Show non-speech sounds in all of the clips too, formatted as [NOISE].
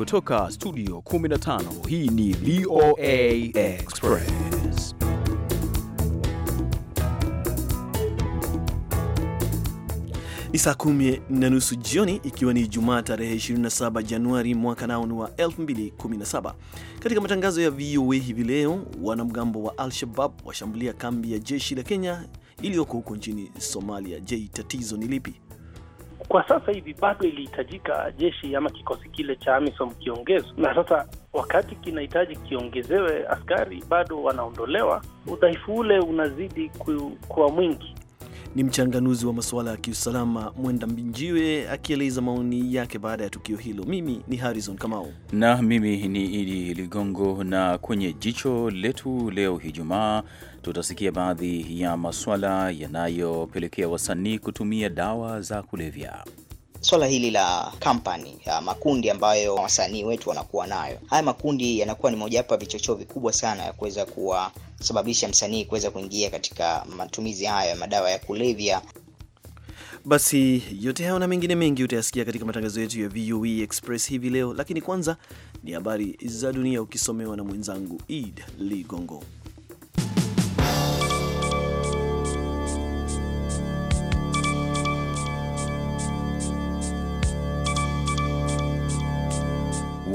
kutoka studio 15 hii ni VOA Express ni saa kumi na nusu jioni ikiwa ni Jumaa tarehe 27 Januari mwaka nao ni wa 2017 katika matangazo ya VOA hivi leo wanamgambo wa Al-Shabab washambulia kambi ya jeshi la Kenya iliyoko huko nchini Somalia je tatizo ni lipi kwa sasa hivi bado ilihitajika jeshi ama kikosi kile cha AMISOM kiongezwe, na sasa wakati kinahitaji kiongezewe askari bado wanaondolewa, udhaifu ule unazidi kuwa mwingi. Ni mchanganuzi wa masuala ya kiusalama Mwenda Mbinjiwe akieleza maoni yake baada ya tukio hilo. Mimi ni Harrison Kamau na mimi ni Idi Ligongo, na kwenye jicho letu leo Ijumaa tutasikia baadhi ya maswala yanayopelekea wasanii kutumia dawa za kulevya. Swala hili la kampani ya makundi ambayo wasanii wetu wanakuwa nayo, haya makundi yanakuwa ni mojawapo ya vichochoo vikubwa sana ya kuweza kuwasababisha msanii kuweza kuingia katika matumizi hayo ya madawa ya kulevya. Basi yote hayo na mengine mengi utayasikia katika matangazo yetu ya voe Express hivi leo, lakini kwanza ni habari za dunia ukisomewa na mwenzangu Id Ligongo.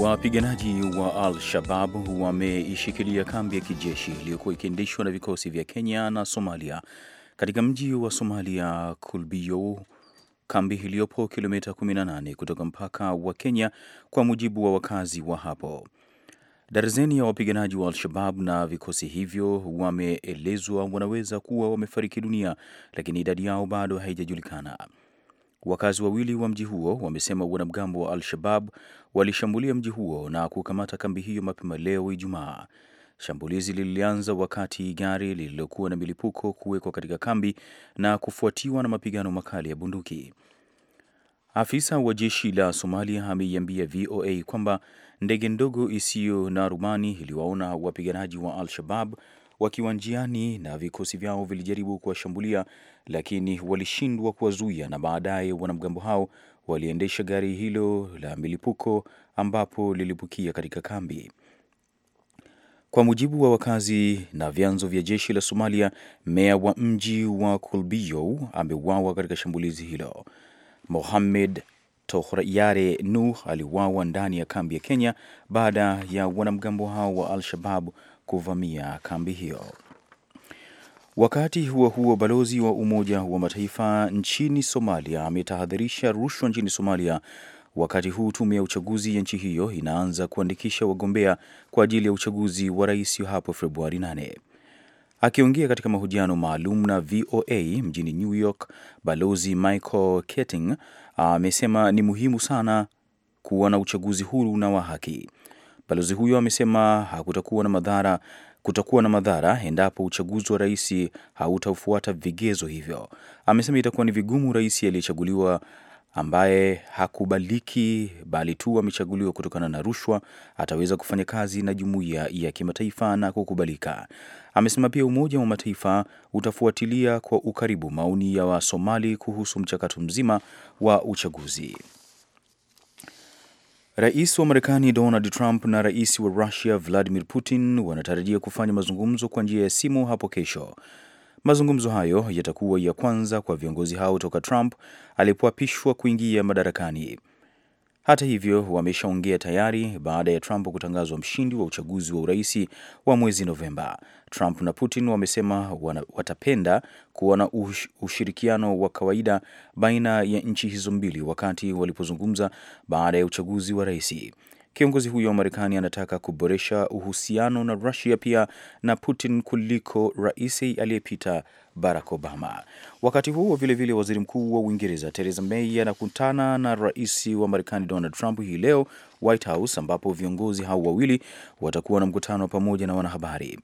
Wapiganaji wa Al-Shabab wameishikilia kambi ya kijeshi iliyokuwa ikiendeshwa na vikosi vya Kenya na Somalia katika mji wa Somalia kulbio kambi iliyopo kilomita 18 kutoka mpaka wa Kenya, kwa mujibu wa wakazi wa hapo. Darzeni ya wapiganaji wa Al-Shabab na vikosi hivyo wameelezwa wanaweza kuwa wamefariki dunia, lakini idadi yao bado haijajulikana. Wakazi wawili wa mji huo wamesema wanamgambo wa Al-Shabab walishambulia mji huo na kukamata kambi hiyo mapema leo Ijumaa. Shambulizi lilianza wakati gari lililokuwa na milipuko kuwekwa katika kambi na kufuatiwa na mapigano makali ya bunduki. Afisa wa jeshi la Somalia ameiambia VOA kwamba ndege ndogo isiyo na rubani iliwaona wapiganaji wa Al-Shabab wakiwa njiani na vikosi vyao vilijaribu kuwashambulia, lakini walishindwa kuwazuia, na baadaye wanamgambo hao waliendesha gari hilo la milipuko ambapo lilipukia katika kambi. Kwa mujibu wa wakazi na vyanzo vya jeshi la Somalia, meya wa mji wa Kolbio ameuawa katika shambulizi hilo. Mohamed Tohryare Nuh aliuawa ndani ya kambi ya Kenya baada ya wanamgambo hao wa Al-Shabab kuvamia kambi hiyo. Wakati huo huo, balozi wa Umoja wa Mataifa nchini Somalia ametahadharisha rushwa nchini Somalia, wakati huu tume ya uchaguzi ya nchi hiyo inaanza kuandikisha wagombea kwa ajili ya uchaguzi wa rais hapo Februari 8. Akiongea katika mahojiano maalum na VOA mjini New York, balozi Michael ketting amesema ni muhimu sana kuwa na uchaguzi huru na wa haki. Balozi huyo amesema hakutakuwa na madhara, kutakuwa na madhara endapo uchaguzi wa rais hautafuata vigezo hivyo. Amesema itakuwa ni vigumu rais aliyechaguliwa ambaye hakubaliki bali tu amechaguliwa kutokana na rushwa ataweza kufanya kazi na jumuiya ya kimataifa na kukubalika. Amesema pia Umoja wa Mataifa utafuatilia kwa ukaribu maoni ya Wasomali kuhusu mchakato mzima wa uchaguzi. Rais wa Marekani Donald Trump na rais wa Russia Vladimir Putin wanatarajia kufanya mazungumzo kwa njia ya simu hapo kesho. Mazungumzo hayo yatakuwa ya kwanza kwa viongozi hao toka Trump alipoapishwa kuingia madarakani. Hata hivyo, wameshaongea tayari baada ya Trump kutangazwa mshindi wa uchaguzi wa urais wa mwezi Novemba. Trump na Putin wamesema wana, watapenda kuona ushirikiano wa kawaida baina ya nchi hizo mbili wakati walipozungumza baada ya uchaguzi wa rais. Kiongozi huyo wa Marekani anataka kuboresha uhusiano na Rusia pia na Putin kuliko rais aliyepita Barack Obama. Wakati huo vilevile, waziri mkuu wa Uingereza Theresa May anakutana na rais wa Marekani Donald Trump hii leo White House, ambapo viongozi hao wawili watakuwa na mkutano pamoja na wanahabari.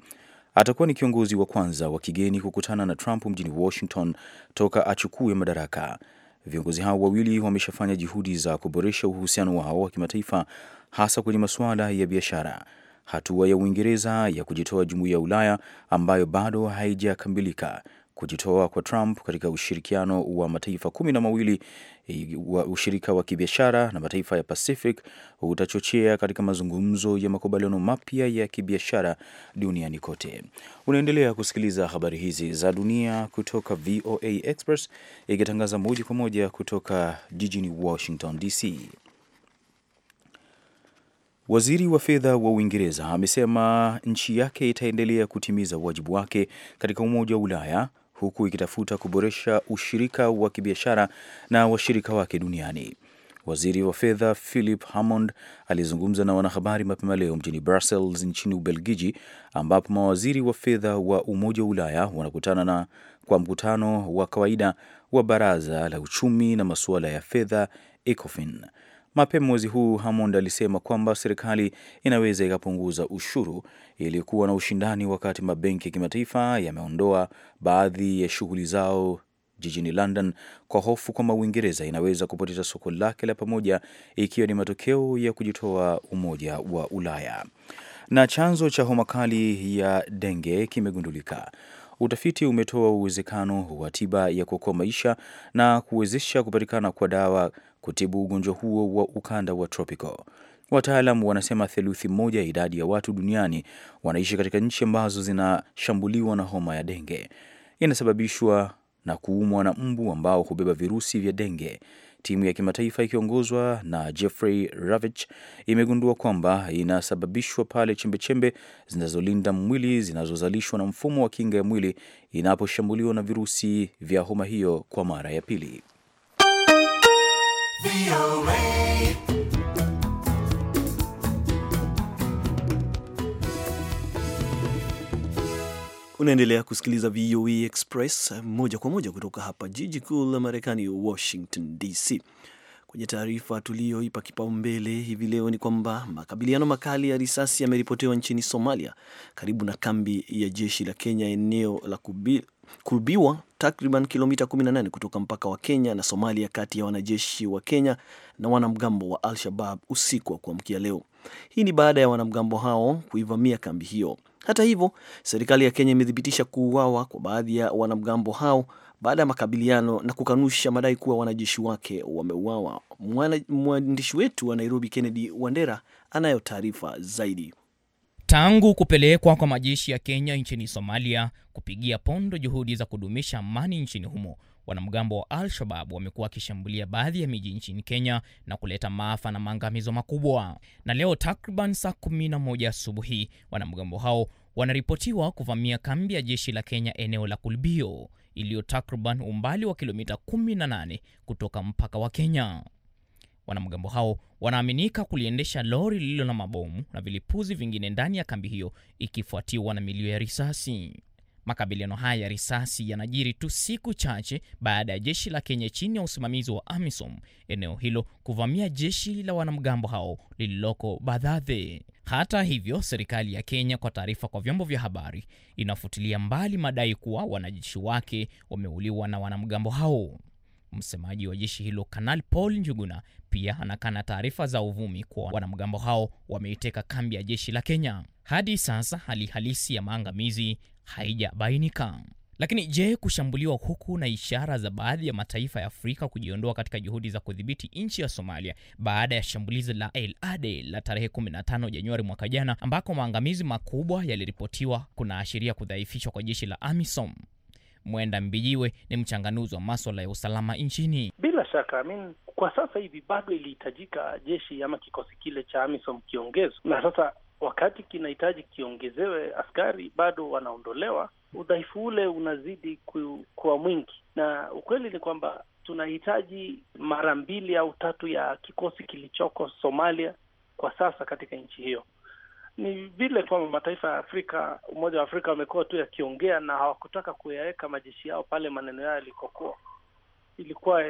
Atakuwa ni kiongozi wa kwanza wa kigeni kukutana na Trump mjini Washington toka achukue madaraka. Viongozi hao wawili wameshafanya juhudi za kuboresha uhusiano wao wa kimataifa, hasa kwenye masuala ya biashara. Hatua ya Uingereza ya kujitoa jumuiya ya Ulaya ambayo bado haijakamilika Kujitoa kwa Trump katika ushirikiano wa mataifa kumi na mawili eh, wa ushirika wa kibiashara na mataifa ya Pacific utachochea katika mazungumzo ya makubaliano mapya ya kibiashara duniani kote. Unaendelea kusikiliza habari hizi za dunia kutoka VOA Express ikitangaza moja kwa moja kutoka jijini Washington DC. Waziri wa fedha wa Uingereza amesema nchi yake itaendelea kutimiza wajibu wake katika Umoja wa Ulaya huku ikitafuta kuboresha ushirika wa kibiashara na washirika wake duniani. Waziri wa fedha Philip Hammond alizungumza na wanahabari mapema leo mjini Brussels nchini Ubelgiji, ambapo mawaziri wa fedha wa Umoja wa Ulaya wanakutana na kwa mkutano wa kawaida wa Baraza la Uchumi na Masuala ya Fedha, ECOFIN. Mapema mwezi huu Hammond alisema kwamba serikali inaweza ikapunguza ushuru iliyokuwa na ushindani, wakati mabenki ya kimataifa yameondoa baadhi ya shughuli zao jijini London kwa hofu kwamba Uingereza inaweza kupoteza soko lake la pamoja, ikiwa ni matokeo ya kujitoa Umoja wa Ulaya. Na chanzo cha homa kali ya denge kimegundulika. Utafiti umetoa uwezekano wa tiba ya kuokoa maisha na kuwezesha kupatikana kwa dawa kutibu ugonjwa huo wa ukanda wa tropico. wataalam wanasema theluthi moja ya idadi ya watu duniani wanaishi katika nchi ambazo zinashambuliwa na homa ya denge. Inasababishwa na kuumwa na mbu ambao hubeba virusi vya denge. Timu ya kimataifa ikiongozwa na Jeffrey Ravich imegundua kwamba inasababishwa pale chembechembe zinazolinda mwili zinazozalishwa na mfumo wa kinga ya mwili inaposhambuliwa na virusi vya homa hiyo kwa mara ya pili. Unaendelea kusikiliza VOA Express moja kwa moja kutoka hapa jiji kuu la Marekani, Washington DC. Kwenye taarifa tuliyoipa kipaumbele hivi leo ni kwamba makabiliano makali ya risasi yameripotiwa nchini Somalia karibu na kambi ya jeshi la Kenya eneo la kubi, kubiwa takriban kilomita 18 kutoka mpaka wa Kenya na Somalia kati ya wanajeshi wa Kenya na wanamgambo wa Al-Shabab usiku wa kuamkia leo. Hii ni baada ya wanamgambo hao kuivamia kambi hiyo. Hata hivyo, serikali ya Kenya imethibitisha kuuawa kwa baadhi ya wanamgambo hao baada ya makabiliano na kukanusha madai kuwa wanajeshi wake wameuawa. Mwandishi wetu wa Nairobi, Kennedy Wandera, anayo taarifa zaidi. Tangu kupelekwa kwa majeshi ya Kenya nchini Somalia kupigia pondo juhudi za kudumisha amani nchini humo, wanamgambo wa Al-Shabab wamekuwa wakishambulia baadhi ya miji nchini Kenya na kuleta maafa na maangamizo makubwa. Na leo takriban saa 11 asubuhi, wanamgambo hao wanaripotiwa kuvamia kambi ya jeshi la Kenya eneo la Kulbio iliyo takriban umbali wa kilomita 18 kutoka mpaka wa Kenya. Wanamgambo hao wanaaminika kuliendesha lori lililo na mabomu na vilipuzi vingine ndani ya kambi hiyo, ikifuatiwa na milio ya risasi. Makabiliano haya ya risasi yanajiri tu siku chache baada ya jeshi la Kenya chini ya usimamizi wa AMISOM eneo hilo kuvamia jeshi la wanamgambo hao lililoko badhadhe hata hivyo, serikali ya Kenya kwa taarifa kwa vyombo vya habari inafutilia mbali madai kuwa wanajeshi wake wameuliwa na wanamgambo hao. Msemaji wa jeshi hilo Kanali Paul Njuguna pia anakana taarifa za uvumi kuwa wanamgambo hao wameiteka kambi ya jeshi la Kenya. Hadi sasa hali halisi ya maangamizi haijabainika. Lakini je, kushambuliwa huku na ishara za baadhi ya mataifa ya Afrika kujiondoa katika juhudi za kudhibiti nchi ya Somalia baada ya shambulizi la El Ade la tarehe 15 Januari mwaka jana, ambako maangamizi makubwa yaliripotiwa, kunaashiria kudhaifishwa kwa jeshi la AMISOM? Mwenda Mbijiwe ni mchanganuzi wa maswala ya usalama nchini. Bila shaka amin, kwa sasa hivi bado ilihitajika jeshi ama kikosi kile cha AMISOM kiongezwe, na sasa wakati kinahitaji kiongezewe askari, bado wanaondolewa udhaifu ule unazidi ku, kuwa mwingi, na ukweli ni kwamba tunahitaji mara mbili au tatu ya kikosi kilichoko Somalia kwa sasa katika nchi hiyo. Ni vile kwamba mataifa ya Afrika, Umoja wa Afrika wamekuwa tu yakiongea na hawakutaka kuyaweka majeshi yao pale maneno yao yalikokuwa ilikuwa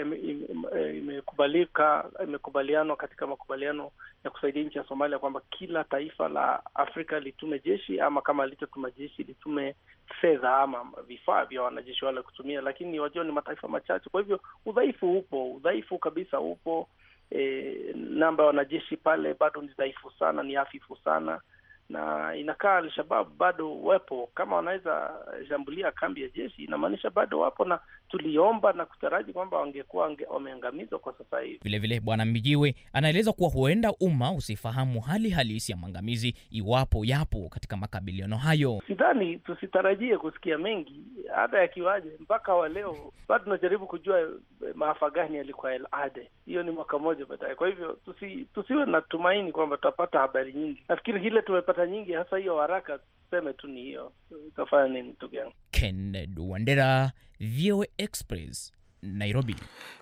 imekubalika imekubalianwa katika makubaliano ya kusaidia nchi ya Somalia kwamba kila taifa la Afrika litume jeshi ama kama alichotuma jeshi litume fedha ama vifaa vya wanajeshi wale kutumia, lakini wajua ni mataifa machache. Kwa hivyo udhaifu upo, udhaifu kabisa upo. E, namba ya wanajeshi pale bado ni dhaifu sana, ni hafifu sana na inakaa Alshabab bado wepo. Kama wanaweza shambulia kambi ya jeshi, inamaanisha bado wapo, na tuliomba na kutaraji kwamba wangekuwa wameangamizwa kwa sasa hivi. Vilevile, Bwana Mijiwe anaeleza kuwa huenda umma usifahamu hali halisi ya maangamizi iwapo yapo katika makabiliano hayo. Sidhani tusitarajie kusikia mengi hata yakiwaje. Mpaka wa leo bado tunajaribu kujua eh, maafa gani yalikuwa El Ade, hiyo ni mwaka mmoja baadaye. Kwa hivyo tusi, tusiwe na tumaini kwamba tutapata habari nyingi. Nafikiri hile tumepata nyingi, hasa hiyo haraka tuseme tu ni hiyo. Utafanya nini ndugu yangu? Kennedy Wandera VOA Express Nairobi.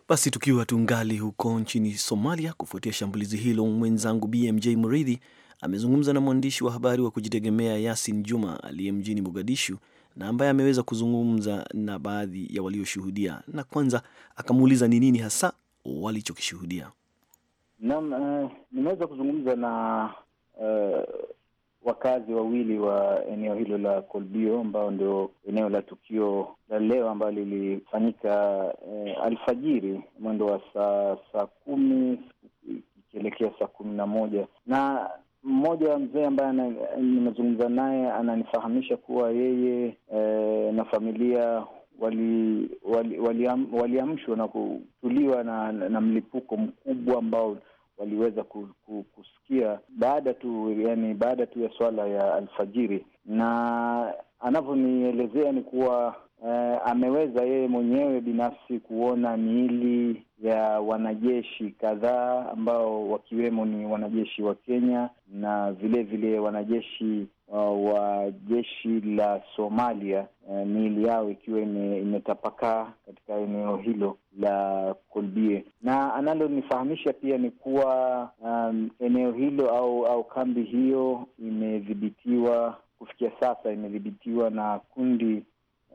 Basi tukiwa tungali huko nchini Somalia, kufuatia shambulizi hilo, mwenzangu BMJ Muridhi amezungumza na mwandishi wa habari wa kujitegemea Yasin Juma aliye mjini Mogadishu na ambaye ameweza kuzungumza na baadhi ya walioshuhudia, na kwanza akamuuliza ni nini hasa walichokishuhudia. Naam, uh, nimeweza kuzungumza na uh, wakazi wawili wa eneo hilo la Kolbio ambao ndio eneo la tukio la leo ambalo lilifanyika eh, alfajiri mwendo wa saa saa kumi ikielekea saa kumi na moja na mmoja wa mzee ambaye nimezungumza naye ananifahamisha kuwa yeye eh, na familia waliamshwa wali, wali, wali na kutuliwa na, na mlipuko mkubwa ambao waliweza kusikia baada tu, yani baada tu ya swala ya alfajiri, na anavyonielezea ni kuwa eh, ameweza yeye mwenyewe binafsi kuona miili ya wanajeshi kadhaa ambao wakiwemo ni wanajeshi wa Kenya na vilevile vile wanajeshi uh, wa jeshi la Somalia uh, miili yao ikiwa imetapakaa katika eneo hilo la Kolbie, na analonifahamisha pia ni kuwa um, eneo hilo au au kambi hiyo imedhibitiwa kufikia sasa, imedhibitiwa na kundi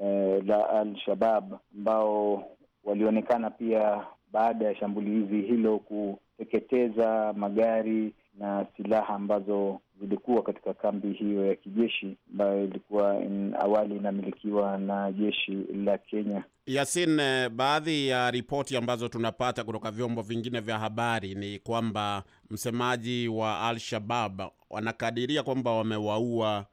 eh, la Al-Shabab ambao walionekana pia baada ya shambulizi hilo kuteketeza magari na silaha ambazo zilikuwa katika kambi hiyo ya kijeshi ambayo ilikuwa in awali inamilikiwa na jeshi la Kenya. Yasin, eh, baadhi ya ripoti ambazo tunapata kutoka vyombo vingine vya habari ni kwamba msemaji wa Al-Shabab wanakadiria kwamba wamewaua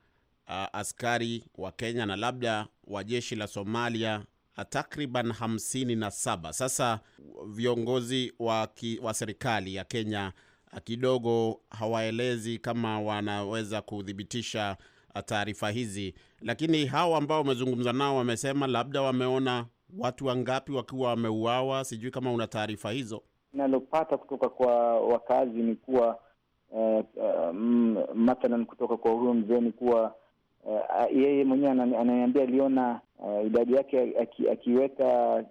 uh, askari wa Kenya na labda wa jeshi la Somalia takriban hamsini na saba. Sasa viongozi wa, ki, wa serikali ya Kenya kidogo hawaelezi kama wanaweza kuthibitisha taarifa hizi, lakini hawa ambao wamezungumza nao wamesema labda wameona watu wangapi wakiwa wameuawa. Sijui kama una taarifa hizo. Nalopata kutoka kwa wakazi ni kuwa eh, uh, mathalan kutoka kwa huyo mzee ni kuwa uh, yeye mwenyewe ananiambia aliona uh, idadi yake aki, akiweka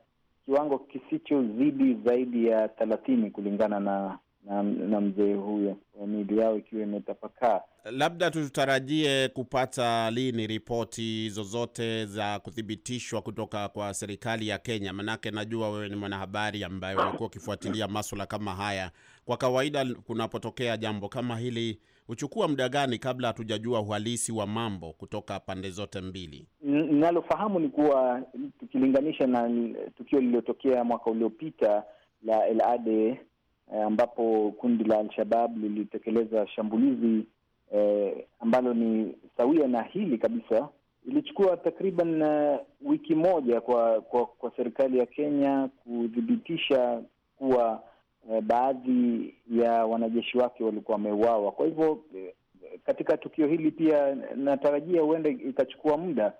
kiwango kisichozidi zaidi ya thelathini kulingana na na, na mzee huyo, eh, miili yao ikiwa imetapakaa. Labda tutarajie kupata lini ripoti zozote za kuthibitishwa kutoka kwa serikali ya Kenya? Manake najua wewe ni mwanahabari ambaye umekuwa ukifuatilia maswala kama haya. Kwa kawaida kunapotokea jambo kama hili huchukua muda gani kabla hatujajua uhalisi wa mambo kutoka pande zote mbili? Ninalofahamu ni kuwa tukilinganisha na tukio lililotokea mwaka uliopita la El Ade eh, ambapo kundi la Al-Shabab lilitekeleza shambulizi eh, ambalo ni sawia na hili kabisa. Ilichukua takriban eh, wiki moja kwa, kwa, kwa serikali ya Kenya kuthibitisha kuwa eh, baadhi ya wanajeshi wake walikuwa wameuawa. Kwa hivyo eh, katika tukio hili pia natarajia huenda ikachukua muda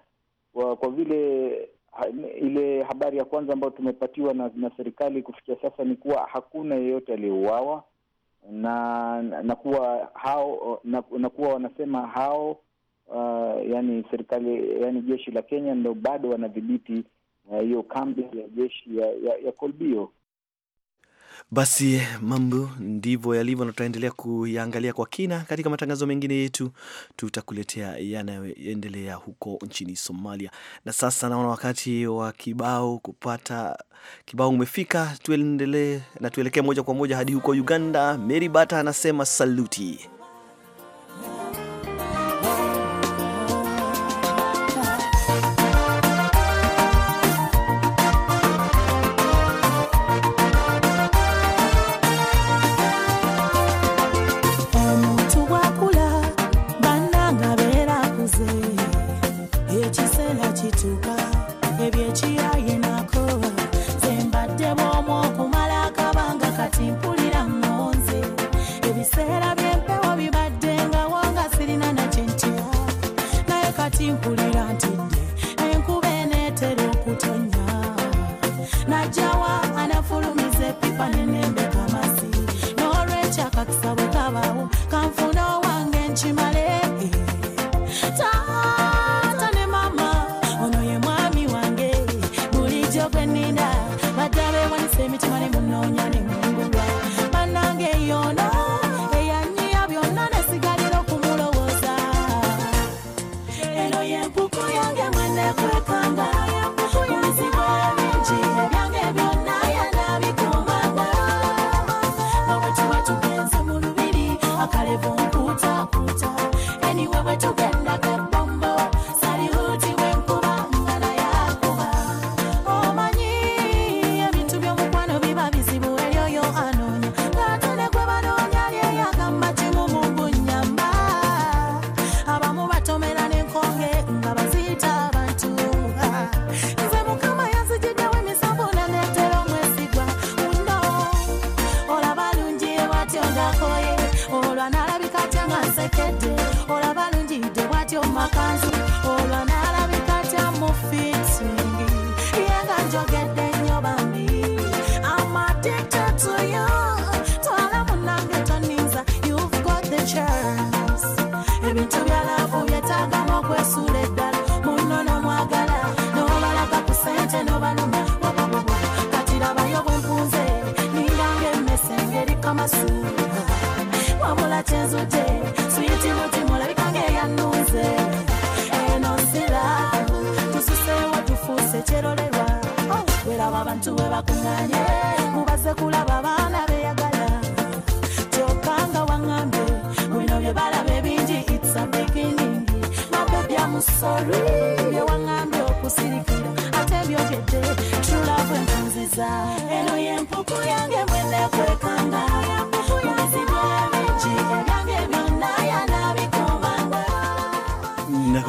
kwa, kwa vile ha, ile habari ya kwanza ambayo tumepatiwa na, na serikali kufikia sasa ni kuwa hakuna yeyote aliyeuawa na na kuwa hao na, na kuwa wanasema hao uh, yani serikali yani jeshi la Kenya ndo bado wanadhibiti eh, hiyo uh, kambi ya jeshi ya, ya, ya Kolbio basi mambo ndivyo yalivyo, na tutaendelea kuyaangalia kwa kina katika matangazo mengine yetu. Tutakuletea yanayoendelea huko nchini Somalia. Na sasa naona wakati wa kibao kupata kibao umefika, tuendelee na tuelekee moja kwa moja hadi huko Uganda. Mary Bata anasema saluti. bakunganye mubaze kulaba baana beyagala kyokka nga waŋŋambe bwino bye balaba ebingi itsabikiningi mapebya musori bye waŋŋambe okusirikira ate byogedde tulakwenkanziza eno yempuku yange mwenekweka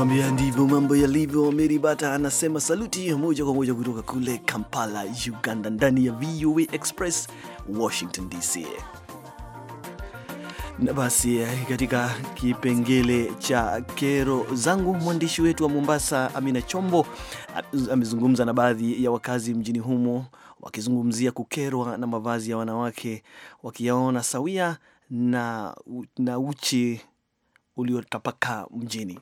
nakwambia ndivyo mambo yalivyo. Meri Bata anasema saluti moja kwa moja kutoka kule Kampala, Uganda, ndani ya VOA Express, Washington DC. Na basi eh, katika kipengele cha kero zangu, mwandishi wetu wa Mombasa Amina Chombo amezungumza na baadhi ya wakazi mjini humo wakizungumzia kukerwa na mavazi ya wanawake wakiyaona sawia na, na uchi uliotapakaa mjini.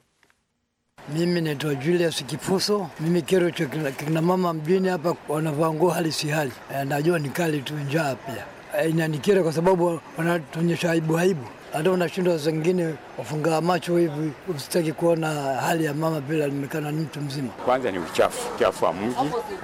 Mimi naitwa Julius Kifuso, mimi kero cha kina mama mjini hapa wanavaa nguo hali si hali, eh, najua ni kali tu, njaa pia eh, inanikera kwa sababu wanatuonyesha aibu aibu, hata wanashindwa zingine wafunga macho hivi, usitaki kuona hali ya mama bila nimekana ni mtu mzima. Kwanza ni uchafu, uchafu wa mji,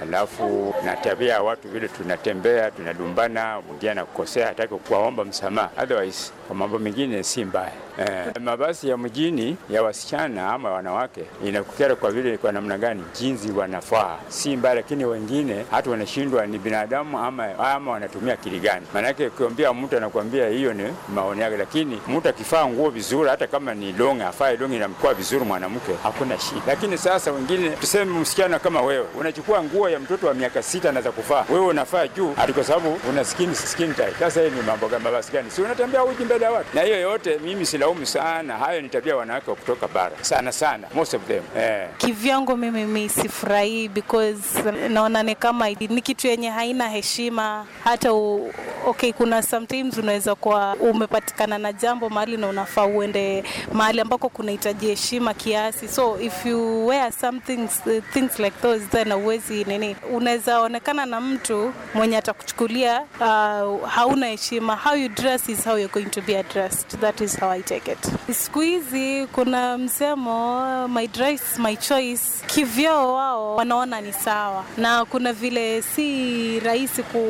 alafu na tabia ya watu, vile tunatembea tunadumbana, mwingine anakukosea, hataki kuwaomba msamaha. Otherwise kwa mambo mengine si mbaya eh. Mabasi ya mjini ya wasichana ama wanawake inakukera kwa vile, kwa namna gani, jinsi wanafaa si mbaya, lakini wengine hata wanashindwa ni binadamu ama, ama wanatumia akili gani? Maanake ukiambia mtu anakuambia hiyo ni maoni yake, lakini mtu akifaa nguo vizuri hata hata kama ni long afaa longi inamkuwa vizuri mwanamke, hakuna shida. Lakini sasa wengine tuseme, msichana kama wewe unachukua nguo ya mtoto wa miaka sita na za kuvaa wewe unafaa juu ati kwa sababu una skin skin tight. Sasa hii ni mambo kama basi gani? Si unatembea uji mbele ya watu, na hiyo yote mimi silaumu sana, hayo ni tabia wanawake wa kutoka bara sana sana, most of them eh. Kivyangu mimi mimi sifurahii because naona ni kama ni kitu yenye haina heshima hata u, okay, kuna sometimes unaweza kuwa umepatikana na jambo mahali na unafaa uende mahali ambako kunahitaji heshima kiasi, so if you wear something things like those, then uwezi nini, unaweza onekana na mtu mwenye atakuchukulia uh, hauna heshima. How you dress is how you're going to be addressed, that is how I take it. Siku hizi kuna msemo my dress my choice, kivyao wao wanaona ni sawa, na kuna vile si rahisi ku,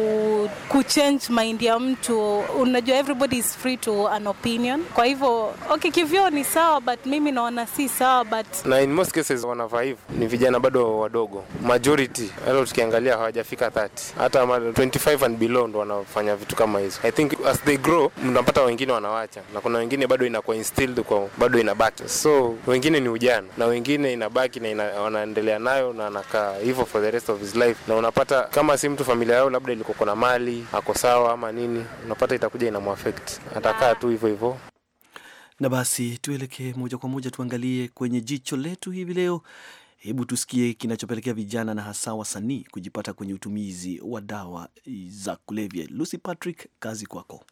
ku change mind ya mtu. Unajua everybody is free to an opinion, kwa hivyo okay kivyo ni sawa, but mimi naona si sawa, but na in most cases wanavive ni vijana bado wadogo, majority hata tukiangalia hawajafika 30, hata 25 and below ndo wanafanya vitu kama hizo. I think as they grow, mnapata wengine wanawacha, na kuna wengine bado inakuwa instilled kwa bado inabaki, so wengine ni ujana na wengine inabaki na ina, wanaendelea nayo na anakaa hivyo for the rest of his life, na unapata kama si mtu familia yao labda ilikokona na mali ako sawa ama nini, unapata itakuja inamwafect, atakaa tu hivyo hivyo. Na basi tuelekee moja kwa moja tuangalie kwenye jicho letu hivi leo. Hebu tusikie kinachopelekea vijana na hasa wasanii kujipata kwenye utumizi wa dawa za kulevya. Lucy Patrick, kazi kwako.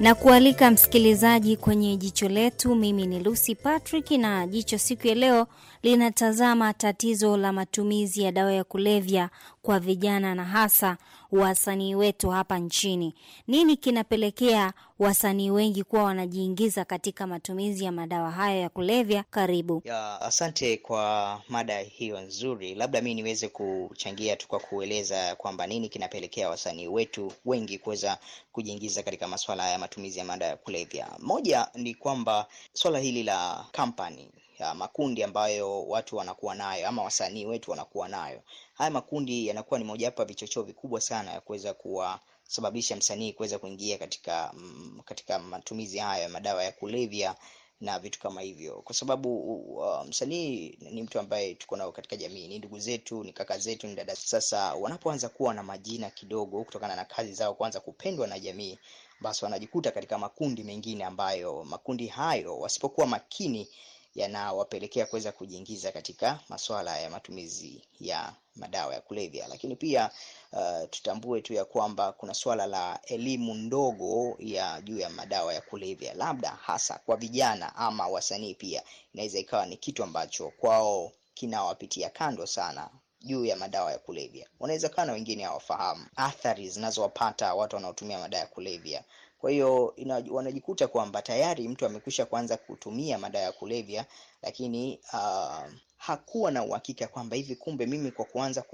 na kualika msikilizaji kwenye jicho letu. Mimi ni Lucy Patrick, na jicho siku ya leo linatazama tatizo la matumizi ya dawa ya kulevya kwa vijana na hasa wasanii wetu hapa nchini. Nini kinapelekea wasanii wengi kuwa wanajiingiza katika matumizi ya madawa hayo ya kulevya? Karibu ya. Asante kwa mada hiyo nzuri. Labda mi niweze kuchangia tu kwa kueleza kwamba nini kinapelekea wasanii wetu wengi kuweza kujiingiza katika masuala ya matumizi ya madawa ya kulevya. Moja ni kwamba swala hili la kampani ya makundi ambayo watu wanakuwa nayo ama wasanii wetu wanakuwa nayo. Haya makundi yanakuwa ni mojawapo ya vichocheo vikubwa sana ya kuweza kuwasababisha msanii kuweza kuingia katika mm, katika matumizi hayo ya madawa ya kulevya na vitu kama hivyo, kwa sababu uh, msanii ni mtu ambaye tuko nao katika jamii, ni ndugu zetu, ni kaka zetu, ni dada. Sasa wanapoanza kuwa na majina kidogo kutokana na kazi zao kuanza kupendwa na jamii, basi wanajikuta katika makundi mengine ambayo makundi hayo wasipokuwa makini yanawapelekea kuweza kujiingiza katika masuala ya matumizi ya madawa ya kulevya. Lakini pia uh, tutambue tu ya kwamba kuna suala la elimu ndogo ya juu ya madawa ya kulevya, labda hasa kwa vijana ama wasanii, pia inaweza ikawa ni kitu ambacho kwao kinawapitia kando sana juu ya madawa ya kulevya. unaweza kana wengine hawafahamu athari zinazowapata watu wanaotumia madawa ya kulevya. Kwa hiyo wanajikuta kwamba tayari mtu amekwisha kuanza kutumia madawa ya kulevya, lakini uh, hakuwa na uhakika kwamba hivi kumbe mimi kwa kuanza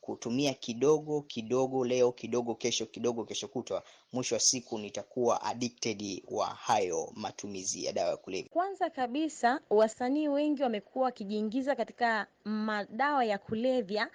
kutumia kidogo kidogo leo kidogo kesho kidogo kesho kutwa, mwisho wa siku nitakuwa addicted wa hayo matumizi ya dawa ya kulevya. Kwanza kabisa, wasanii wengi wamekuwa wakijiingiza katika madawa ya kulevya,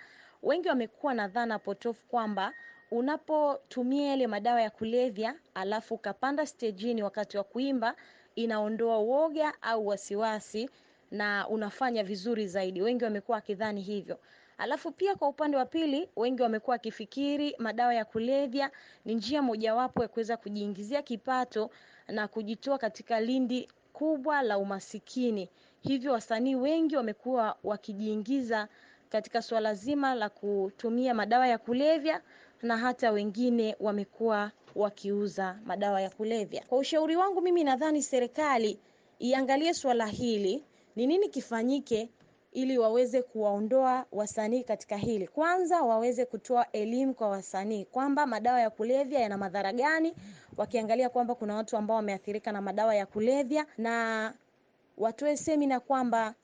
wengi wamekuwa na dhana potofu kwamba unapotumia yale madawa ya kulevya alafu ukapanda stejini wakati wa kuimba, inaondoa woga au wasiwasi na unafanya vizuri zaidi. Wengi wamekuwa wakidhani hivyo. Alafu pia kwa upande wa pili, wengi wamekuwa wakifikiri madawa ya kulevya ni njia mojawapo ya kuweza kujiingizia kipato na kujitoa katika lindi kubwa la umasikini. Hivyo wasanii wengi wamekuwa wakijiingiza katika suala zima la kutumia madawa ya kulevya na hata wengine wamekuwa wakiuza madawa ya kulevya. Kwa ushauri wangu mimi, nadhani serikali iangalie swala hili, ni nini kifanyike ili waweze kuwaondoa wasanii katika hili. Kwanza waweze kutoa elimu kwa wasanii kwamba madawa ya kulevya yana madhara gani, wakiangalia kwamba kuna watu ambao wameathirika na madawa ya kulevya, na watoe semina kwamba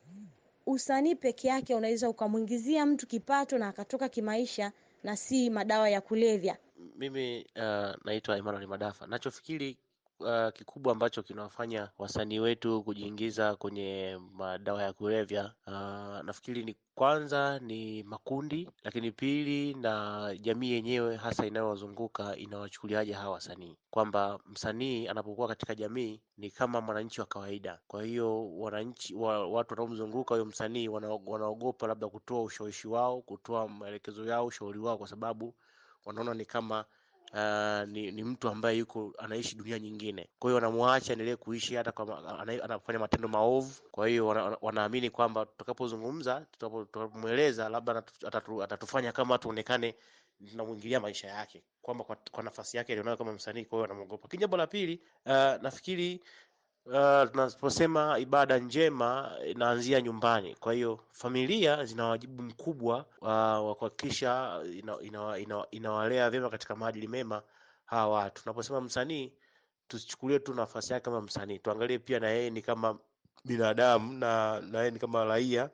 usanii peke yake unaweza ukamwingizia mtu kipato na akatoka kimaisha, na si madawa ya kulevya. Mimi uh, naitwa Emmanuel Madafa. Nachofikiri uh, kikubwa ambacho kinawafanya wasanii wetu kujiingiza kwenye madawa ya kulevya uh, nafikiri ni kwanza ni makundi, lakini pili na jamii yenyewe hasa inayowazunguka inawachukuliaje hawa wasanii, kwamba msanii anapokuwa katika jamii ni kama mwananchi wa kawaida. Kwa hiyo wananchi wa, watu wanaomzunguka huyo msanii wanaogopa labda kutoa ushawishi wao, kutoa maelekezo yao, ushauri wao, kwa sababu wanaona ni kama uh, ni, ni mtu ambaye yuko anaishi dunia nyingine, kwa hiyo wanamwacha endelee kuishi hata anafanya matendo maovu. Kwa hiyo wana, wanaamini kwamba tutakapozungumza, tutakapomweleza, labda atatu, atatufanya kama tuonekane tunamwingilia maisha yake kwamba kwa, kwa nafasi yake alionayo kama msanii, kwa hiyo anamwogopa. Lakini jambo la pili, uh, nafikiri uh, tunaposema ibada njema inaanzia nyumbani. Kwa hiyo familia zina wajibu mkubwa uh, wa kuhakikisha inawalea ina, ina, ina vyema katika maadili mema hawa watu. Tunaposema msanii, tusichukulie tu nafasi yake kama msanii, tuangalie pia na yeye ni kama binadamu na na yeye ni kama raia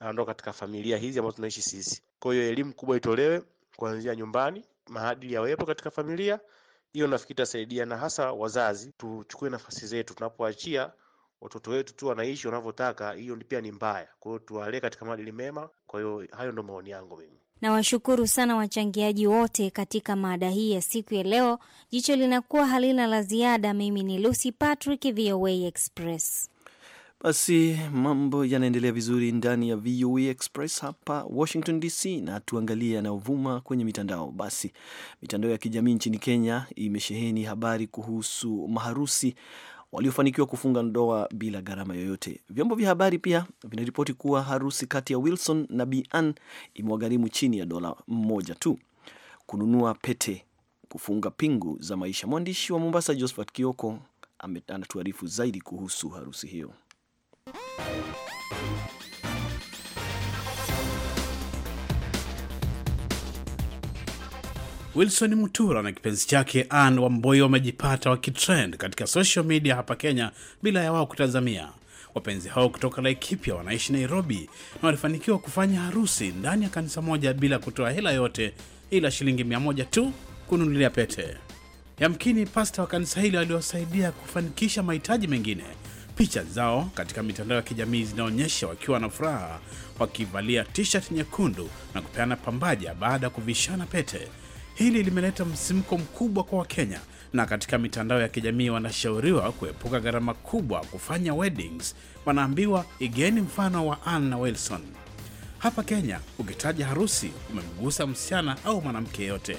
anaondoka katika familia hizi ambazo tunaishi sisi. Kwa hiyo elimu kubwa itolewe kuanzia nyumbani, maadili yawepo katika familia. Hiyo nafikiri itasaidia, na hasa wazazi tuchukue nafasi zetu tunapoachia watoto wetu tu wanaishi wanavyotaka. Hiyo pia ni mbaya, kwa hiyo tuwalee katika maadili mema. Kwa hiyo hayo ndo maoni yangu mimi. Nawashukuru sana wachangiaji wote katika maada hii ya siku ya leo. Jicho linakuwa halina la ziada. Mimi ni Lucy Patrick, VOA Express. Basi mambo yanaendelea vizuri ndani ya VOA Express hapa Washington DC, na tuangalie yanayovuma kwenye mitandao. Basi mitandao ya kijamii nchini Kenya imesheheni habari kuhusu maharusi waliofanikiwa kufunga ndoa bila gharama yoyote. Vyombo vya habari pia vinaripoti kuwa harusi kati ya Wilson na bn imewagharimu chini ya dola mmoja tu kununua pete, kufunga pingu za maisha. Mwandishi wa Mombasa Josephat Kioko anatuarifu zaidi kuhusu harusi hiyo. Wilson Mutura na kipenzi chake an Wamboi wamejipata wakitrend katika social media hapa Kenya bila ya wao kutazamia. Wapenzi hao kutoka laikipya wanaishi Nairobi na walifanikiwa kufanya harusi ndani ya kanisa moja bila kutoa hela yote, ila shilingi 1 tu kununulia pete. Yamkini pasta wa kanisa hili waliwasaidia kufanikisha mahitaji mengine Picha zao katika mitandao ya kijamii zinaonyesha wakiwa na furaha wakivalia t-shirt nyekundu na kupeana pambaja baada ya kuvishana pete. Hili limeleta msimko mkubwa kwa Wakenya, na katika mitandao ya kijamii wanashauriwa kuepuka gharama kubwa kufanya weddings. Wanaambiwa igeni mfano wa Anna Wilson. Hapa Kenya, ukitaja harusi umemgusa msichana au mwanamke yote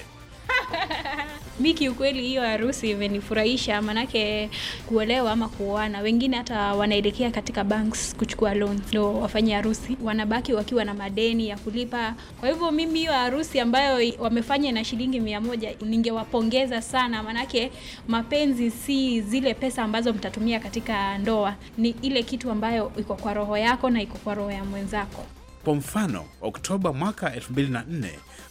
Mi kiukweli hiyo harusi imenifurahisha, manake kuolewa ama kuoana, wengine hata wanaelekea katika banks kuchukua loan ndo wafanye harusi, wanabaki wakiwa na madeni ya kulipa. Kwa hivyo mimi hiyo harusi ambayo wamefanya na shilingi mia moja ningewapongeza sana, maanake mapenzi si zile pesa ambazo mtatumia katika ndoa, ni ile kitu ambayo iko kwa roho yako na iko kwa roho ya mwenzako. Kwa mfano, Oktoba mwaka 2004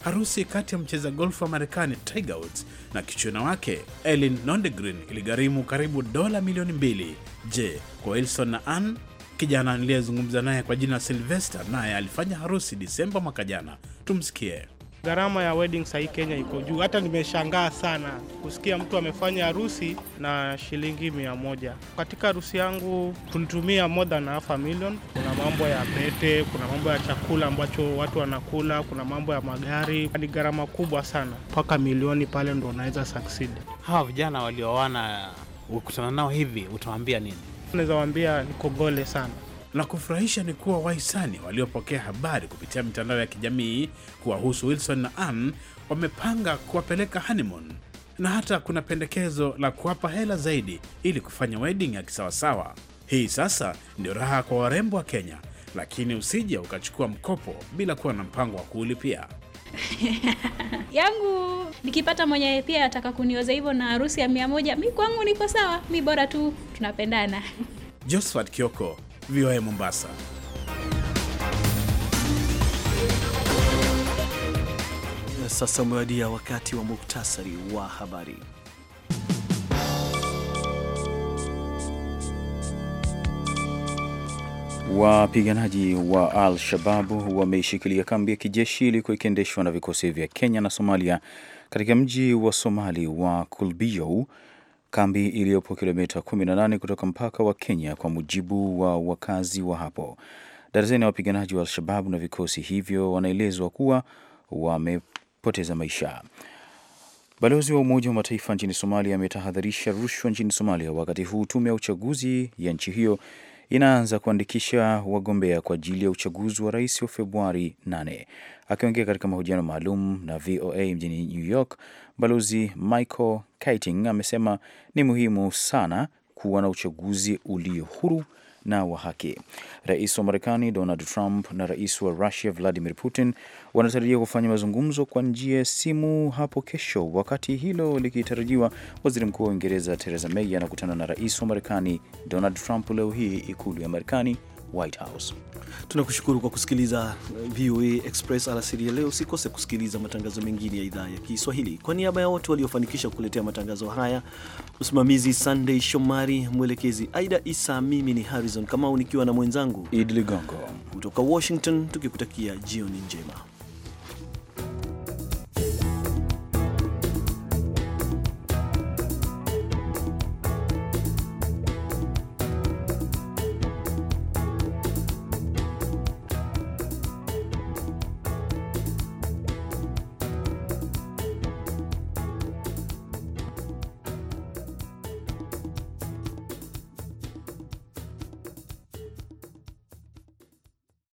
harusi kati ya mcheza golfu wa Marekani Tiger Woods na kichwina wake Elin nondegrin iligharimu karibu dola milioni mbili. Je, kwa Wilson na Ann? Kijana niliyezungumza naye kwa jina Sylvester naye alifanya harusi Disemba mwaka jana. Tumsikie. Gharama ya wedding sahii Kenya iko juu, hata nimeshangaa sana kusikia mtu amefanya harusi na shilingi mia moja. Katika harusi yangu tulitumia more than half a million mambo ya pete, kuna mambo ya chakula ambacho watu wanakula, kuna mambo ya magari. Ni gharama kubwa sana, mpaka milioni pale ndo unaweza succeed. Hawa vijana walioana ukutana nao hivi, utawaambia nini? Naweza waambia nikogole sana. na kufurahisha ni kuwa wahisani waliopokea habari kupitia mitandao ya kijamii kuwahusu Wilson na Ann wamepanga kuwapeleka honeymoon na hata kuna pendekezo la kuwapa hela zaidi ili kufanya wedding ya kisawasawa. Hii sasa ndio raha kwa warembo wa Kenya, lakini usije ukachukua mkopo bila kuwa na mpango wa kuulipia. [LAUGHS] yangu nikipata mwenye pia ataka kunioza hivyo na harusi ya mia moja, mi kwangu niko sawa, mi bora tu tunapendana. [LAUGHS] Josephat Kioko, VOA Mombasa. Sasa umewadia wakati wa muktasari wa habari. Wapiganaji wa Al-Shababu wameishikilia kambi ya kijeshi iliyokuwa ikiendeshwa na vikosi vya Kenya na Somalia katika mji wa Somali wa Kulbio, kambi iliyopo kilomita 18 kutoka mpaka wa Kenya, kwa mujibu wa wakazi wa hapo. Darazeni ya wapiganaji wa Al-Shababu na vikosi hivyo wanaelezwa kuwa wamepoteza maisha. Balozi wa Umoja wa Mataifa nchini Somalia ametahadharisha rushwa nchini Somalia, wakati huu tume ya uchaguzi ya nchi hiyo inaanza kuandikisha wagombea kwa ajili ya uchaguzi wa rais wa Februari 8. Akiongea katika mahojiano maalum na VOA mjini New York, Balozi Michael Keating amesema ni muhimu sana kuwa na uchaguzi ulio huru na wa haki. Rais wa Marekani Donald Trump na rais wa Russia Vladimir Putin wanatarajia kufanya mazungumzo kwa njia ya simu hapo kesho. Wakati hilo likitarajiwa, waziri mkuu wa Uingereza Theresa May anakutana na rais wa Marekani Donald Trump leo hii ikulu ya Marekani White House. Tunakushukuru kwa kusikiliza eh, VOA Express alasiri ya leo. Usikose kusikiliza matangazo mengine ya idhaa ya Kiswahili. Kwa niaba ya wote waliofanikisha kuletea matangazo haya, msimamizi Sunday Shomari, mwelekezi Aida Isa, mimi ni Harrison Kamau nikiwa na mwenzangu Idi Ligongo kutoka Washington, tukikutakia jioni njema.